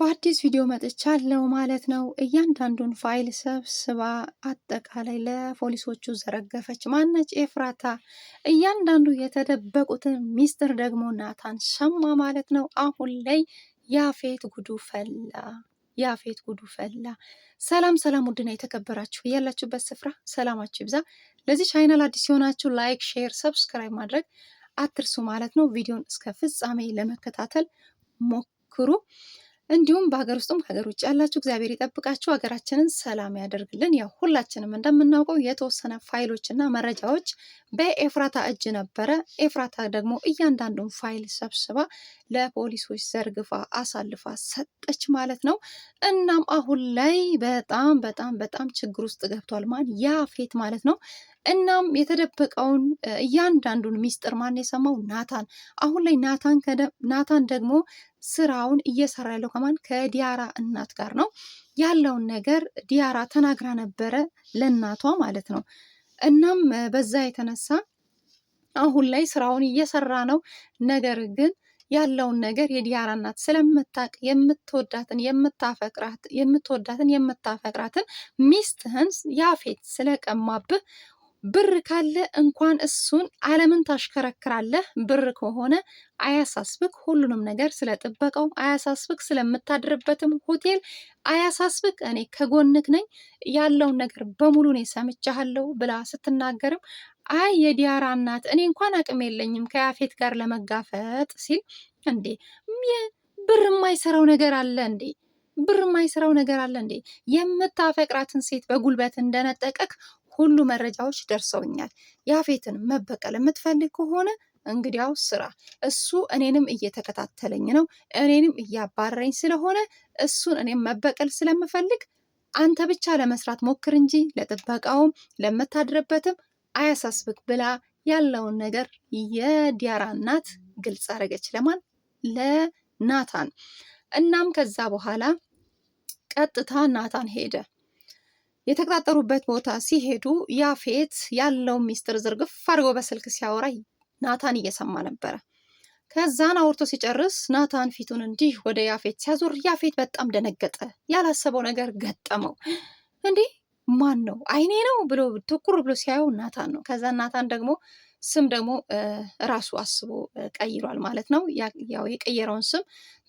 በአዲስ ቪዲዮ መጥቻለሁ ማለት ነው። እያንዳንዱን ፋይል ሰብስባ አጠቃላይ ለፖሊሶቹ ዘረገፈች። ማነች ኤፍራታ። እያንዳንዱ የተደበቁትን ሚስጥር ደግሞ ናታን ሰማ ማለት ነው። አሁን ላይ ያፌት ጉዱ ፈላ። ያፌት ጉዱ ፈላ። ሰላም ሰላም! ውድና የተከበራችሁ ያላችሁበት ስፍራ ሰላማችሁ ይብዛ። ለዚህ ቻይናል አዲስ የሆናችሁ ላይክ፣ ሼር፣ ሰብስክራይብ ማድረግ አትርሱ ማለት ነው። ቪዲዮን እስከ ፍጻሜ ለመከታተል ሞክሩ። እንዲሁም በሀገር ውስጥም ከሀገር ውጭ ያላችሁ እግዚአብሔር ይጠብቃችሁ፣ ሀገራችንን ሰላም ያደርግልን። ያው ሁላችንም እንደምናውቀው የተወሰነ ፋይሎች እና መረጃዎች በኤፍራታ እጅ ነበረ። ኤፍራታ ደግሞ እያንዳንዱን ፋይል ሰብስባ ለፖሊሶች ዘርግፋ አሳልፋ ሰጠች ማለት ነው። እናም አሁን ላይ በጣም በጣም በጣም ችግር ውስጥ ገብቷል ማን ያፌት ማለት ነው። እናም የተደበቀውን እያንዳንዱን ሚስጥር ማን የሰማው ናታን። አሁን ላይ ናታን ደግሞ ስራውን እየሰራ ያለው ከማን ከዲያራ እናት ጋር ነው ያለውን ነገር ዲያራ ተናግራ ነበረ ለእናቷ ማለት ነው። እናም በዛ የተነሳ አሁን ላይ ስራውን እየሰራ ነው። ነገር ግን ያለውን ነገር የዲያራ እናት ስለምታቅ የምትወዳትን የምታፈቅራት የምትወዳትን የምታፈቅራትን ሚስትህን ያፌት ስለቀማብህ ብር ካለ እንኳን እሱን ዓለምን ታሽከረክራለህ። ብር ከሆነ አያሳስብክ፣ ሁሉንም ነገር ስለጥበቀው አያሳስብክ፣ ስለምታድርበትም ሆቴል አያሳስብክ፣ እኔ ከጎንክ ነኝ፣ ያለውን ነገር በሙሉ እኔ ሰምቻለሁ ብላ ስትናገርም አይ የዲያራ እናት እኔ እንኳን አቅም የለኝም ከያፌት ጋር ለመጋፈጥ ሲል እንዴ ብር የማይሰራው ነገር አለ እንዴ? ብር የማይሰራው ነገር አለ እንዴ? የምታፈቅራትን ሴት በጉልበት እንደነጠቀክ ሁሉ መረጃዎች ደርሰውኛል። ያፌትን መበቀል የምትፈልግ ከሆነ እንግዲያው ስራ። እሱ እኔንም እየተከታተለኝ ነው፣ እኔንም እያባረረኝ ስለሆነ እሱን እኔም መበቀል ስለምፈልግ አንተ ብቻ ለመስራት ሞክር እንጂ ለጥበቃውም ለምታድርበትም አያሳስብክ ብላ ያለውን ነገር የዲያራ እናት ግልጽ አደረገች። ለማን ለናታን። እናም ከዛ በኋላ ቀጥታ ናታን ሄደ የተቀጣጠሩበት ቦታ ሲሄዱ ያፌት ያለውን ሚስጥር ዝርግፍ አድርጎ በስልክ ሲያወራ ናታን እየሰማ ነበረ። ከዛን አውርቶ ሲጨርስ ናታን ፊቱን እንዲህ ወደ ያፌት ሲያዞር ያፌት በጣም ደነገጠ። ያላሰበው ነገር ገጠመው። እንዲህ ማን ነው አይኔ ነው ብሎ ትኩር ብሎ ሲያየው ናታን ነው። ከዛ ናታን ደግሞ ስም ደግሞ ራሱ አስቦ ቀይሯል ማለት ነው። ያው የቀየረውን ስም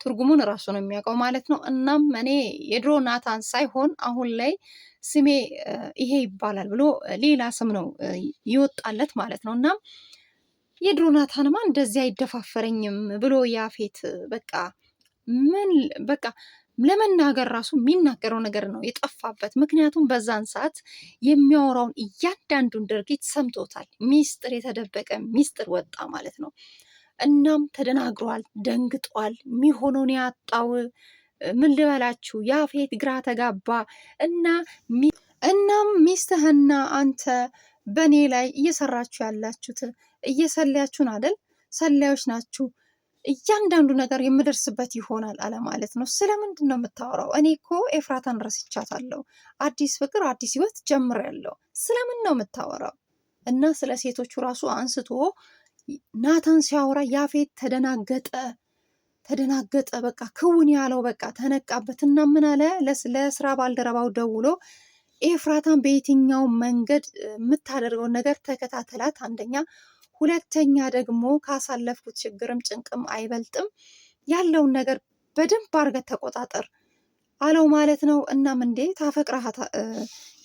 ትርጉሙን ራሱ ነው የሚያውቀው ማለት ነው። እናም እኔ የድሮ ናታን ሳይሆን አሁን ላይ ስሜ ይሄ ይባላል ብሎ ሌላ ስም ነው ይወጣለት ማለት ነው። እናም የድሮ ናታንማ እንደዚህ አይደፋፈረኝም ብሎ ያፌት በቃ ምን በቃ ለመናገር ራሱ የሚናገረው ነገር ነው የጠፋበት። ምክንያቱም በዛን ሰዓት የሚያወራውን እያንዳንዱን ድርጊት ሰምቶታል። ሚስጥር፣ የተደበቀ ሚስጥር ወጣ ማለት ነው። እናም ተደናግሯል፣ ደንግጧል። የሚሆነውን ያጣው ምን ልበላችሁ፣ ያፌት ግራ ተጋባ እና እናም ሚስትህና አንተ በእኔ ላይ እየሰራችሁ ያላችሁት እየሰለያችሁን አደል? ሰላዮች ናችሁ እያንዳንዱ ነገር የምደርስበት ይሆናል አለማለት ነው። ስለምንድን ነው የምታወራው? እኔ እኮ ኤፍራታን ረስቻታለሁ። አዲስ ፍቅር አዲስ ህይወት ጀምሬያለሁ። ስለምን ነው የምታወራው? እና ስለ ሴቶቹ ራሱ አንስቶ ናታን ሲያወራ ያፌት ተደናገጠ ተደናገጠ። በቃ ክውን ያለው በቃ ተነቃበት እና ምን አለ ለስራ ባልደረባው ደውሎ ኤፍራታን በየትኛው መንገድ የምታደርገውን ነገር ተከታተላት አንደኛ ሁለተኛ ደግሞ ካሳለፍኩት ችግርም ጭንቅም አይበልጥም። ያለውን ነገር በደንብ አድርገህ ተቆጣጠር አለው ማለት ነው። እናም እንዴ ታፈቅራሃት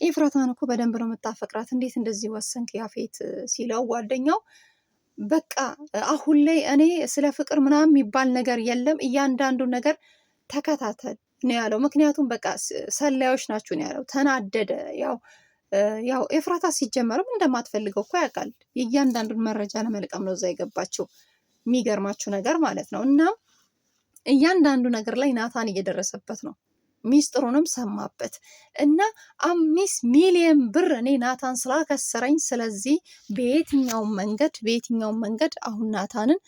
ኤፍራታን እኮ በደንብ ነው የምታፈቅራት፣ እንዴት እንደዚህ ወሰንክ ያፌት ሲለው ጓደኛው በቃ አሁን ላይ እኔ ስለ ፍቅር ምናምን የሚባል ነገር የለም፣ እያንዳንዱ ነገር ተከታተል ነው ያለው። ምክንያቱም በቃ ሰላዮች ናችሁ ነው ያለው። ተናደደ ያው ያው ኤፍራታ ሲጀመርም እንደማትፈልገው እኮ ያውቃል። የእያንዳንዱን መረጃ ለመልቀም ነው እዛ የገባችው። የሚገርማችሁ ነገር ማለት ነው። እና እያንዳንዱ ነገር ላይ ናታን እየደረሰበት ነው። ሚስጥሩንም ሰማበት እና አምስት ሚሊየን ብር እኔ ናታን ስላከሰረኝ፣ ስለዚህ በየትኛውም መንገድ በየትኛውም መንገድ አሁን ናታንን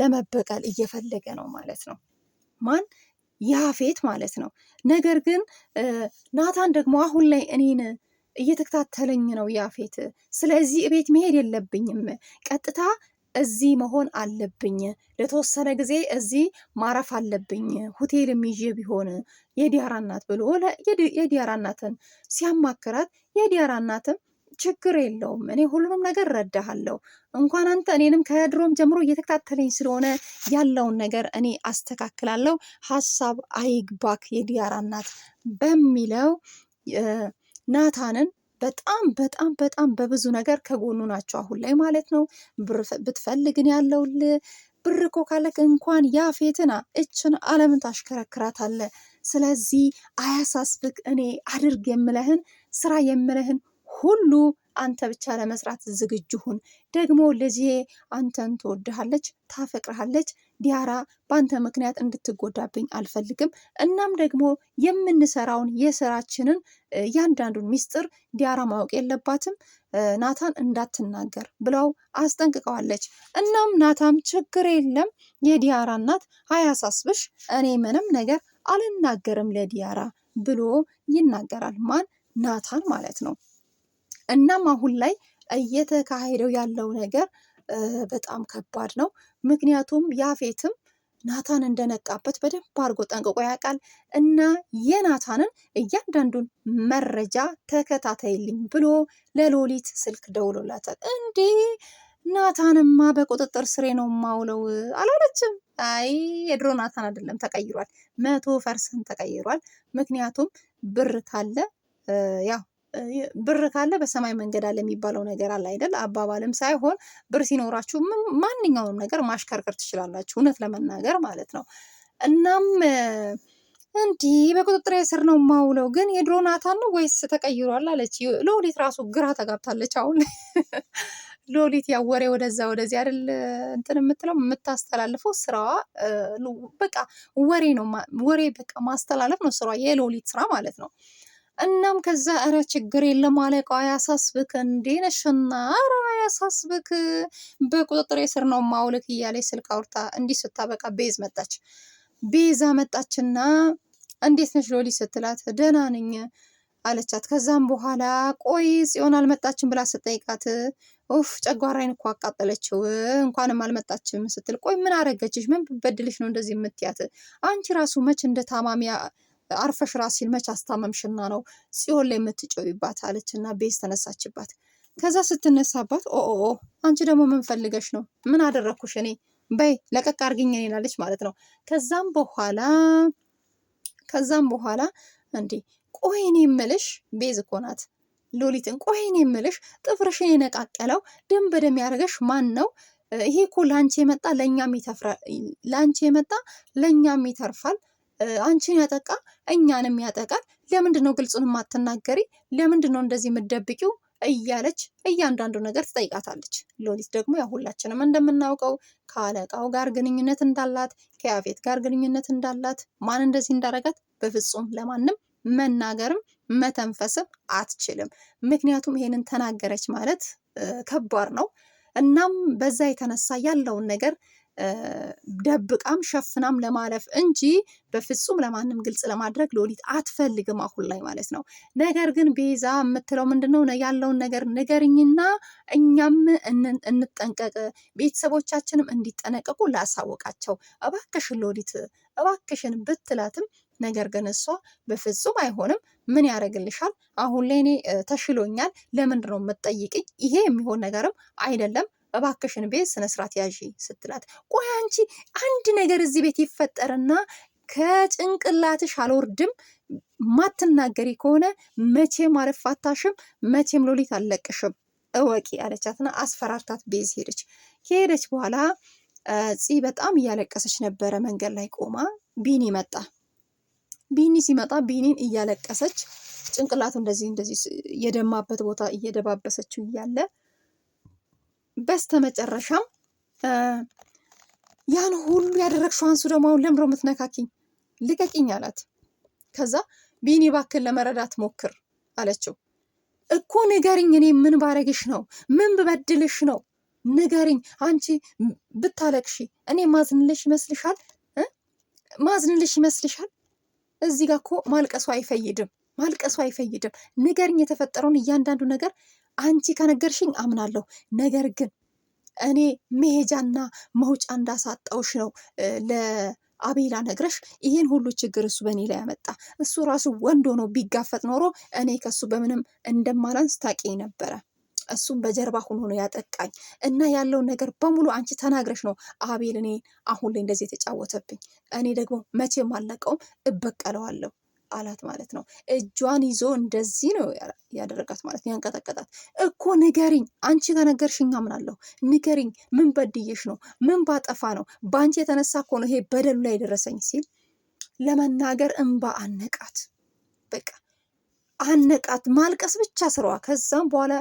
ለመበቀል እየፈለገ ነው ማለት ነው። ማን ያፌት ማለት ነው። ነገር ግን ናታን ደግሞ አሁን ላይ እኔን እየተከታተለኝ ነው ያፌት። ስለዚህ እቤት መሄድ የለብኝም፣ ቀጥታ እዚህ መሆን አለብኝ። ለተወሰነ ጊዜ እዚህ ማረፍ አለብኝ፣ ሆቴልም ይዤ ቢሆን የዲያራ እናት ብሎ የዲያራ እናትን ሲያማክራት የዲያራ እናትም ችግር የለውም እኔ ሁሉንም ነገር ረዳሃለሁ። እንኳን አንተ እኔንም ከድሮም ጀምሮ እየተከታተለኝ ስለሆነ ያለውን ነገር እኔ አስተካክላለሁ፣ ሀሳብ አይግባክ የዲያራ እናት በሚለው ናታንን በጣም በጣም በጣም በብዙ ነገር ከጎኑ ናቸው አሁን ላይ ማለት ነው። ብትፈልግን ያለውል ብር እኮ ካለክ እንኳን ያፌትና እችን ዓለምን ታሽከረክራታለህ። ስለዚህ አያሳስብክ፣ እኔ አድርግ የምለህን ስራ የምለህን ሁሉ አንተ ብቻ ለመስራት ዝግጁ ሁን። ደግሞ ልጅዬ አንተን ትወድሃለች፣ ታፈቅርሃለች። ዲያራ በአንተ ምክንያት እንድትጎዳብኝ አልፈልግም። እናም ደግሞ የምንሰራውን የስራችንን እያንዳንዱን ሚስጥር ዲያራ ማወቅ የለባትም ናታን እንዳትናገር ብለው አስጠንቅቀዋለች። እናም ናታም ችግር የለም የዲያራ እናት አያሳስብሽ፣ እኔ ምንም ነገር አልናገርም ለዲያራ ብሎ ይናገራል። ማን ናታን ማለት ነው። እናም አሁን ላይ እየተካሄደው ያለው ነገር በጣም ከባድ ነው። ምክንያቱም ያፌትም ናታን እንደነቃበት በደንብ አድርጎ ጠንቅቆ ያውቃል እና የናታንን እያንዳንዱን መረጃ ተከታተይልኝ ብሎ ለሎሊት ስልክ ደውሎላታል። እንዴ ናታንማ በቁጥጥር ስሬ ነው ማውለው አላለችም። አይ የድሮ ናታን አይደለም ተቀይሯል፣ መቶ ፐርሰንት ተቀይሯል። ምክንያቱም ብር ካለ ያው ብር ካለ በሰማይ መንገድ አለ የሚባለው ነገር አለ አይደል? አባባልም ሳይሆን ብር ሲኖራችሁ ማንኛውንም ነገር ማሽከርከር ትችላላችሁ፣ እውነት ለመናገር ማለት ነው። እናም እንዲህ በቁጥጥር ስር ነው ማውለው። ግን የድሮ ናታን ነው ወይስ ተቀይሯል? አለች ሎሊት። ራሱ ግራ ተጋብታለች አሁን ሎሊት ያው ወሬ ወደዛ ወደዚህ አይደል እንትን የምትለው የምታስተላልፈው ስራዋ በቃ ወሬ ነው። ወሬ በቃ ማስተላለፍ ነው ስራዋ፣ የሎሊት ስራ ማለት ነው። እናም ከዛ እረ ችግር የለም አለቃ አያሳስብክ፣ እንዴት ነሽና፣ እረ አያሳስብክ በቁጥጥር ስር ነው ማውልክ እያለ ስልክ አውርታ እንዲህ ስታበቃ ቤዝ መጣች። ቤዛ መጣችና እንዴት ነሽ ሎሊ ስትላት ደህና ነኝ አለቻት። ከዛም በኋላ ቆይ ጽዮን አልመጣችም ብላ ስጠይቃት ኡፍ ጨጓራይን እኮ አቃጠለችው እንኳንም አልመጣችም ስትል ቆይ ምን አረገችሽ? ምን ብበድልሽ ነው እንደዚህ የምትያት? አንቺ ራሱ መች እንደ ታማሚ አርፈሽ ራሴን መች አስታመምሽና ነው ጽዮን ላይ የምትጨውባት አለች እና ቤዝ ተነሳችባት። ከዛ ስትነሳባት ኦ አንቺ ደግሞ ምን ፈልገሽ ነው? ምን አደረግኩሽ እኔ? በይ ለቀቅ አርግኝ ይላለች ማለት ነው። ከዛም በኋላ ከዛም በኋላ እንዴ ቆይን የምልሽ ቤዝ እኮ ናት ሎሊትን ቆይን የምልሽ ጥፍርሽን የነቃቀለው ደም በደም ያደርገሽ ማን ነው? ይሄ እኮ ለአንቺ የመጣ ለእኛም ይተፍራል፣ ለአንቺ የመጣ ለእኛም ይተርፋል አንቺን ያጠቃ እኛንም ያጠቃል። ለምንድን ነው ግልጹን የማትናገሪ? ለምንድን ነው እንደዚህ የምደብቂው? እያለች እያንዳንዱ ነገር ትጠይቃታለች። ሎሊት ደግሞ ያው ሁላችንም እንደምናውቀው ከአለቃው ጋር ግንኙነት እንዳላት፣ ከያፌት ጋር ግንኙነት እንዳላት፣ ማን እንደዚህ እንዳረጋት በፍጹም ለማንም መናገርም መተንፈስም አትችልም። ምክንያቱም ይሄንን ተናገረች ማለት ከባድ ነው። እናም በዛ የተነሳ ያለውን ነገር ደብቃም ሸፍናም ለማለፍ እንጂ በፍጹም ለማንም ግልጽ ለማድረግ ሎሊት አትፈልግም አሁን ላይ ማለት ነው። ነገር ግን ቤዛ የምትለው ምንድነው ያለውን ነገር ንገርኝና እኛም እንጠንቀቅ፣ ቤተሰቦቻችንም እንዲጠነቀቁ ላሳወቃቸው እባክሽን ሎሊት እባክሽን ብትላትም ነገር ግን እሷ በፍጹም አይሆንም፣ ምን ያደርግልሻል? አሁን ላይ እኔ ተሽሎኛል፣ ለምንድን ነው የምትጠይቅኝ? ይሄ የሚሆን ነገርም አይደለም እባክሽን ቤት ስነ ስርዓት ያዥ ስትላት፣ ቆይ አንቺ አንድ ነገር እዚህ ቤት ይፈጠርና ከጭንቅላትሽ አልወርድም ማትናገሪ ከሆነ መቼም አልፋታሽም፣ መቼም ሎሊት አልለቅሽም እወቂ አለቻትና አስፈራርታት ቤዝ ሄደች። ከሄደች በኋላ ፂ በጣም እያለቀሰች ነበረ። መንገድ ላይ ቆማ ቢኒ መጣ። ቢኒ ሲመጣ ቢኒን እያለቀሰች ጭንቅላቱ እንደዚህ እንደዚህ የደማበት ቦታ እየደባበሰችው እያለ በስተመጨረሻም ያን ሁሉ ያደረግሽው አንሱ ደግሞ አሁን ለምሮ የምትነካኪኝ ልቀቂኝ አላት። ከዛ ቢኒ ባክን ለመረዳት ሞክር አለችው። እኮ ንገሪኝ፣ እኔ ምን ባረግሽ ነው? ምን ብበድልሽ ነው? ንገሪኝ። አንቺ ብታለቅሺ እኔ ማዝንልሽ ይመስልሻል? ማዝንልሽ ይመስልሻል? እዚህ ጋር እኮ ማልቀሱ አይፈይድም፣ ማልቀሱ አይፈይድም። ንገሪኝ የተፈጠረውን እያንዳንዱ ነገር አንቺ ከነገርሽኝ አምናለሁ። ነገር ግን እኔ መሄጃና መውጫ እንዳሳጣውሽ ነው ለአቤላ ነግረሽ ይህን ሁሉ ችግር እሱ በእኔ ላይ ያመጣ። እሱ ራሱ ወንድ ሆኖ ቢጋፈጥ ኖሮ እኔ ከሱ በምንም እንደማላንስ ታውቂ ነበረ። እሱም በጀርባ ሆኖ ነው ያጠቃኝ እና ያለውን ነገር በሙሉ አንቺ ተናግረሽ ነው አቤል እኔ አሁን ላይ እንደዚህ የተጫወተብኝ። እኔ ደግሞ መቼም አለቀውም፣ እበቀለዋለሁ። አላት ማለት ነው። እጇን ይዞ እንደዚህ ነው ያደረጋት ማለት ነው። ያንቀጠቀጣት እኮ ንገሪኝ፣ አንቺ ከነገርሽኛ አምናለሁ ንገሪኝ፣ ምን በድዬሽ ነው? ምን ባጠፋ ነው? በአንቺ የተነሳ እኮ ነው ይሄ በደሉ ላይ ደረሰኝ ሲል ለመናገር እንባ አነቃት። በቃ አነቃት። ማልቀስ ብቻ ስራዋ። ከዛም በኋላ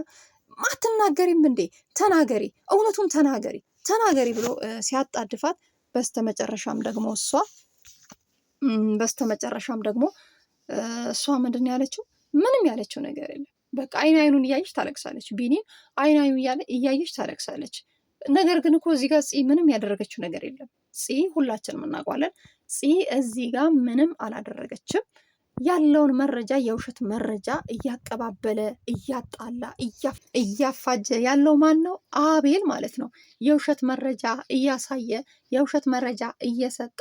አትናገሪም እንዴ? ተናገሪ፣ እውነቱን ተናገሪ፣ ተናገሪ ብሎ ሲያጣድፋት በስተመጨረሻም ደግሞ እሷ በስተመጨረሻም ደግሞ እሷ ምንድን ያለችው ምንም ያለችው ነገር የለም። በቃ አይን አይኑን እያየች ታለቅሳለች። ቢኒም አይን አይኑ እያየች ታለቅሳለች። ነገር ግን እኮ እዚህ ጋር ፅ ምንም ያደረገችው ነገር የለም። ፅ ሁላችንም እናውቋለን። ፅ እዚህ ጋር ምንም አላደረገችም። ያለውን መረጃ የውሸት መረጃ እያቀባበለ እያጣላ እያፋጀ ያለው ማን ነው? አቤል ማለት ነው። የውሸት መረጃ እያሳየ የውሸት መረጃ እየሰጠ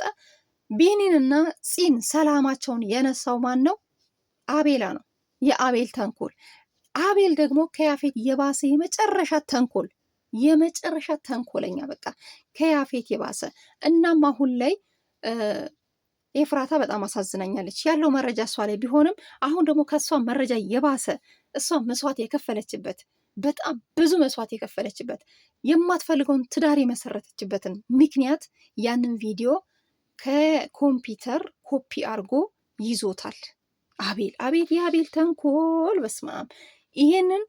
ቢኒንና ፂን ሰላማቸውን የነሳው ማን ነው? አቤላ ነው። የአቤል ተንኮል አቤል ደግሞ ከያፌት የባሰ የመጨረሻ ተንኮል የመጨረሻ ተንኮለኛ በቃ ከያፌት የባሰ። እናም አሁን ላይ ኤፍራታ በጣም አሳዝናኛለች። ያለው መረጃ እሷ ላይ ቢሆንም አሁን ደግሞ ከእሷ መረጃ የባሰ እሷ መስዋዕት የከፈለችበት በጣም ብዙ መስዋዕት የከፈለችበት የማትፈልገውን ትዳር የመሰረተችበትን ምክንያት ያንን ቪዲዮ ከኮምፒውተር ኮፒ አርጎ ይዞታል። አቤል አቤል የአቤል ተንኮል በስማም። ይሄንን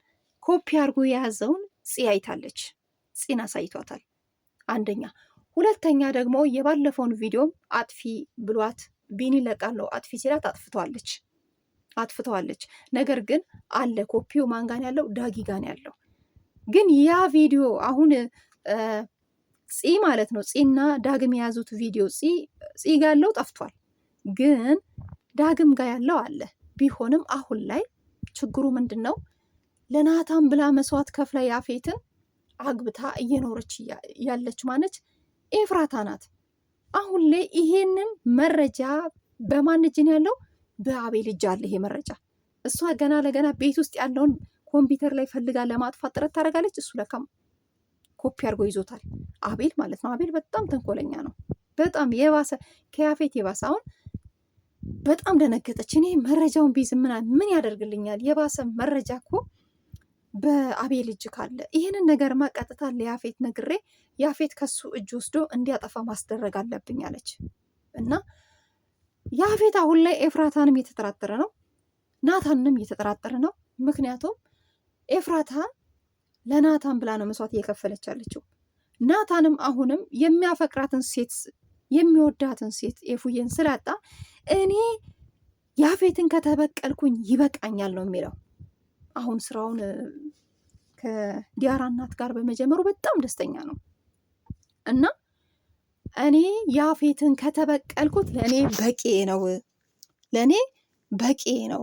ኮፒ አርጎ የያዘውን ጽ አይታለች፣ ጽን አሳይቷታል። አንደኛ ሁለተኛ ደግሞ የባለፈውን ቪዲዮም አጥፊ ብሏት ቢኒ ለቃለው አጥፊ ሲላት አጥፍተዋለች አጥፍተዋለች። ነገር ግን አለ ኮፒው ማንጋን ያለው ዳጊጋን ያለው ግን ያ ቪዲዮ አሁን ፂ ማለት ነው። ፂና ዳግም የያዙት ቪዲዮ ፂ ጋለው ጠፍቷል፣ ግን ዳግም ጋ ያለው አለ። ቢሆንም አሁን ላይ ችግሩ ምንድን ነው? ለናታን ብላ መስዋዕት ከፍላ ያፌትን አግብታ እየኖረች ያለች ማነች? ኤፍራታ ናት። አሁን ላይ ይሄንን መረጃ በማን እጅ ያለው? በአቤል እጅ አለ ይሄ መረጃ። እሷ ገና ለገና ቤት ውስጥ ያለውን ኮምፒውተር ላይ ፈልጋ ለማጥፋት ጥረት ታደርጋለች። እሱ ለካም ኮፒ አድርጎ ይዞታል። አቤል ማለት ነው። አቤል በጣም ተንኮለኛ ነው። በጣም የባሰ ከያፌት የባሰ። አሁን በጣም ደነገጠች። እኔ መረጃውን ቢዝ ምን ያደርግልኛል? የባሰ መረጃ እኮ በአቤል እጅ ካለ ይህንን ነገርማ ቀጥታ ለያፌት ነግሬ ያፌት ከሱ እጅ ወስዶ እንዲያጠፋ ማስደረግ አለብኝ አለች እና ያፌት አሁን ላይ ኤፍራታንም እየተጠራጠረ ነው፣ ናታንም እየተጠራጠረ ነው። ምክንያቱም ኤፍራታን ለናታን ብላ ነው መስዋዕት እየከፈለች ያለችው። ናታንም አሁንም የሚያፈቅራትን ሴት የሚወዳትን ሴት ኤፉዬን ስላጣ እኔ ያፌትን ከተበቀልኩኝ ይበቃኛል ነው የሚለው። አሁን ስራውን ከዲያራ እናት ጋር በመጀመሩ በጣም ደስተኛ ነው እና እኔ ያፌትን ከተበቀልኩት ለእኔ በቂ ነው፣ ለእኔ በቂ ነው፣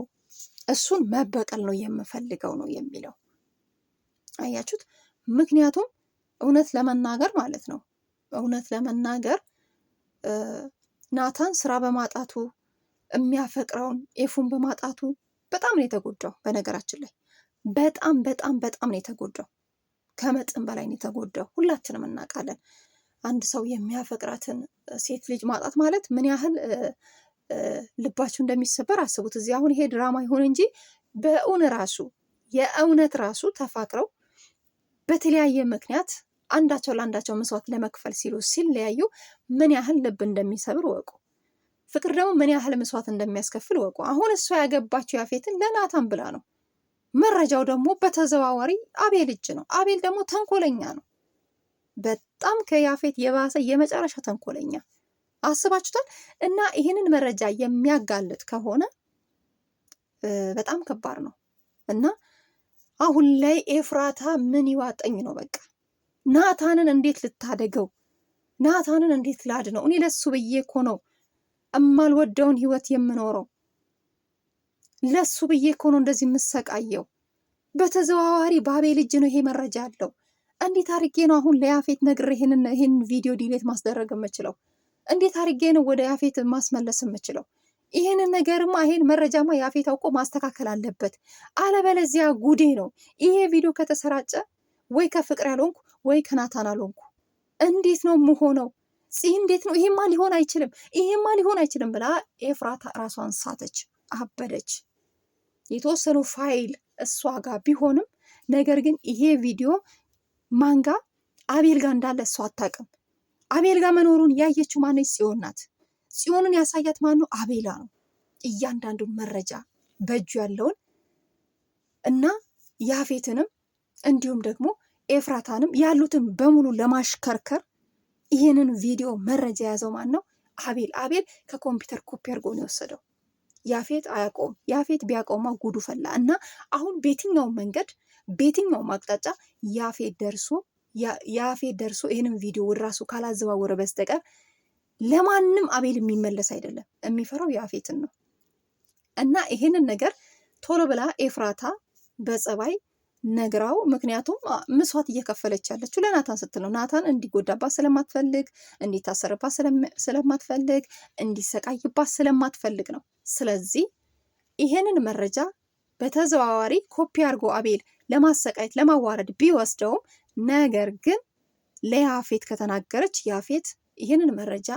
እሱን መበቀል ነው የምፈልገው ነው የሚለው አያችሁት? ምክንያቱም እውነት ለመናገር ማለት ነው እውነት ለመናገር ናታን ስራ በማጣቱ የሚያፈቅረውን ኤፉን በማጣቱ በጣም ነው የተጎዳው። በነገራችን ላይ በጣም በጣም በጣም ነው የተጎዳው። ከመጠን በላይ ነው የተጎዳው። ሁላችንም እናውቃለን። አንድ ሰው የሚያፈቅራትን ሴት ልጅ ማጣት ማለት ምን ያህል ልባችሁ እንደሚሰበር አስቡት። እዚህ አሁን ይሄ ድራማ ይሁን እንጂ በእውን ራሱ የእውነት ራሱ ተፋቅረው በተለያየ ምክንያት አንዳቸው ለአንዳቸው መስዋዕት ለመክፈል ሲሉ ሲለያዩ ምን ያህል ልብ እንደሚሰብር ወቁ። ፍቅር ደግሞ ምን ያህል መስዋዕት እንደሚያስከፍል ወቁ። አሁን እሷ ያገባችው ያፌትን ለናታን ብላ ነው። መረጃው ደግሞ በተዘዋዋሪ አቤል እጅ ነው። አቤል ደግሞ ተንኮለኛ ነው። በጣም ከያፌት የባሰ የመጨረሻ ተንኮለኛ አስባችሁታል። እና ይህንን መረጃ የሚያጋልጥ ከሆነ በጣም ከባድ ነው እና አሁን ላይ ኤፍራታ ምን ይዋጠኝ ነው? በቃ ናታንን እንዴት ልታደገው? ናታንን እንዴት ላድነው? እኔ ለሱ ብዬ እኮ ነው እማልወደውን ህይወት የምኖረው። ለሱ ብዬ እኮ ነው እንደዚህ የምሰቃየው። በተዘዋዋሪ ባቤ ልጅ ነው ይሄ መረጃ አለው። እንዴት አርጌ ነው አሁን ለያፌት ነግሬ ይህንን ቪዲዮ ዲሌት ማስደረግ የምችለው? እንዴት አርጌ ነው ወደ ያፌት ማስመለስ የምችለው? ይህንን ነገርማ ይሄን መረጃማ ያፌት አውቆ ማስተካከል አለበት። አለበለዚያ ጉዴ ነው። ይሄ ቪዲዮ ከተሰራጨ ወይ ከፍቅር ያልሆንኩ ወይ ከናታን አልሆንኩ። እንዴት ነው የምሆነው? እንዴት ነው ይሄማ? ሊሆን አይችልም፣ ይሄማ ሊሆን አይችልም ብላ ኤፍራታ ራሷን ሳተች፣ አበደች። የተወሰኑ ፋይል እሷ ጋር ቢሆንም ነገር ግን ይሄ ቪዲዮ ማንጋ አቤል ጋር እንዳለ እሷ አታውቅም። አቤል ጋር መኖሩን ያየችው ማነች? ጽዮን ናት። ጽዮንን ያሳያት ማን ነው? አቤላ ነው። እያንዳንዱን መረጃ በእጁ ያለውን እና ያፌትንም እንዲሁም ደግሞ ኤፍራታንም ያሉትን በሙሉ ለማሽከርከር ይህንን ቪዲዮ መረጃ የያዘው ማን ነው? አቤል። አቤል ከኮምፒውተር ኮፒ አድርጎ ነው የወሰደው። ያፌት አያውቀውም። ያፌት ቢያውቀውማ ጉዱ ፈላ እና አሁን በየትኛውም መንገድ በየትኛውም አቅጣጫ ያፌት ደርሶ ያፌት ደርሶ ይህንን ቪዲዮ ወደ ራሱ ካላዘዋወረ በስተቀር ለማንም አቤል የሚመለስ አይደለም። የሚፈራው ያፌትን ነው። እና ይሄንን ነገር ቶሎ ብላ ኤፍራታ በጸባይ ነግራው፣ ምክንያቱም ምስዋት እየከፈለች ያለችው ለናታን ስትል ነው። ናታን እንዲጎዳባት ስለማትፈልግ፣ እንዲታሰርባት ስለማትፈልግ፣ እንዲሰቃይባት ስለማትፈልግ ነው። ስለዚህ ይሄንን መረጃ በተዘዋዋሪ ኮፒ አድርጎ አቤል ለማሰቃየት ለማዋረድ ቢወስደውም ነገር ግን ለያፌት ከተናገረች ያፌት ይህንን መረጃ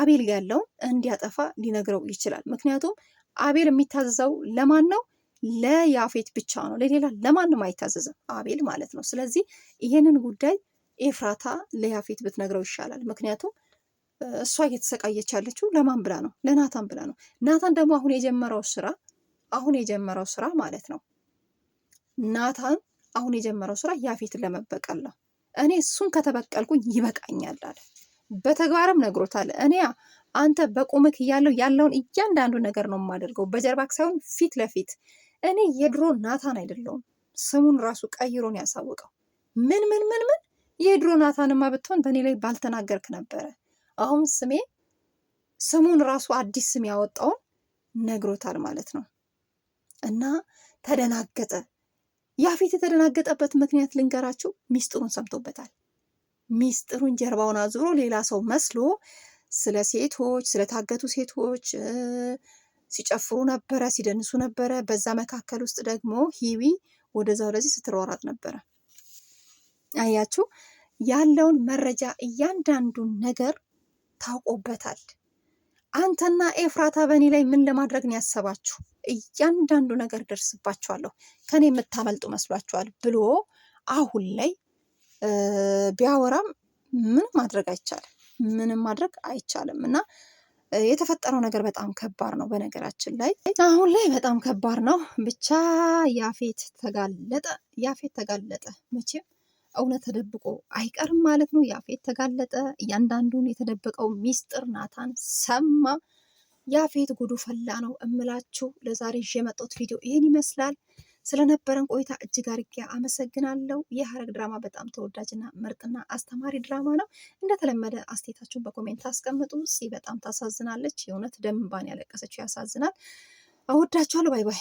አቤል ጋር ያለውን እንዲያጠፋ ሊነግረው ይችላል። ምክንያቱም አቤል የሚታዘዘው ለማን ነው? ለያፌት ብቻ ነው። ለሌላ ለማንም አይታዘዝም አቤል ማለት ነው። ስለዚህ ይህንን ጉዳይ ኤፍራታ ለያፌት ብትነግረው ይሻላል። ምክንያቱም እሷ እየተሰቃየች ያለችው ለማን ብላ ነው? ለናታን ብላ ነው። ናታን ደግሞ አሁን የጀመረው ስራ አሁን የጀመረው ስራ ማለት ነው ናታን አሁን የጀመረው ስራ ያፌትን ለመበቀል ነው። እኔ እሱን ከተበቀልኩኝ ይበቃኛል አለ። በተግባርም ነግሮታል። እኔ አንተ በቁምክ እያለው ያለውን እያንዳንዱ ነገር ነው የማደርገው፣ በጀርባክ ሳይሆን ፊት ለፊት እኔ የድሮ ናታን አይደለውም። ስሙን ራሱ ቀይሮን ያሳወቀው ምን ምን ምን ምን የድሮ ናታንማ ብትሆን በእኔ ላይ ባልተናገርክ ነበረ። አሁን ስሜ ስሙን ራሱ አዲስ ስም ያወጣውን ነግሮታል ማለት ነው። እና ተደናገጠ። ያፊት የተደናገጠበት ምክንያት ልንገራችሁ፣ ሚስጥሩን ሰምቶበታል። ሚስጥሩን ጀርባውን አዙሮ ሌላ ሰው መስሎ ስለ ሴቶች ስለታገቱ ሴቶች ሲጨፍሩ ነበረ፣ ሲደንሱ ነበረ። በዛ መካከል ውስጥ ደግሞ ሂዊ ወደዛ ወደዚህ ስትሯሯጥ ነበረ። አያችሁ ያለውን መረጃ እያንዳንዱን ነገር ታውቆበታል። አንተና ኤፍራታ በእኔ ላይ ምን ለማድረግ ነው ያሰባችሁ? እያንዳንዱ ነገር ደርስባችኋለሁ፣ ከኔ የምታመልጡ መስሏችኋል ብሎ አሁን ላይ ቢያወራም ምንም ማድረግ አይቻልም። ምንም ማድረግ አይቻልም እና የተፈጠረው ነገር በጣም ከባድ ነው። በነገራችን ላይ አሁን ላይ በጣም ከባድ ነው። ብቻ ያፌት ተጋለጠ፣ ያፌት ተጋለጠ። መቼም እውነት ተደብቆ አይቀርም ማለት ነው። ያፌት ተጋለጠ። እያንዳንዱን የተደበቀው ሚስጥር ናታን ሰማ። ያፌት ጉዱ ፈላ ነው እምላችሁ። ለዛሬ ይዤ የመጣሁት ቪዲዮ ይህን ይመስላል። ስለነበረን ቆይታ እጅግ አርጌ አመሰግናለሁ። የሐረግ ድራማ በጣም ተወዳጅና ምርጥና አስተማሪ ድራማ ነው። እንደተለመደ አስቴታችሁን በኮሜንት አስቀምጡ። ፂ በጣም ታሳዝናለች። የእውነት ደምባን ያለቀሰችው ያሳዝናል። አወዳችኋለሁ። ባይ ባይ።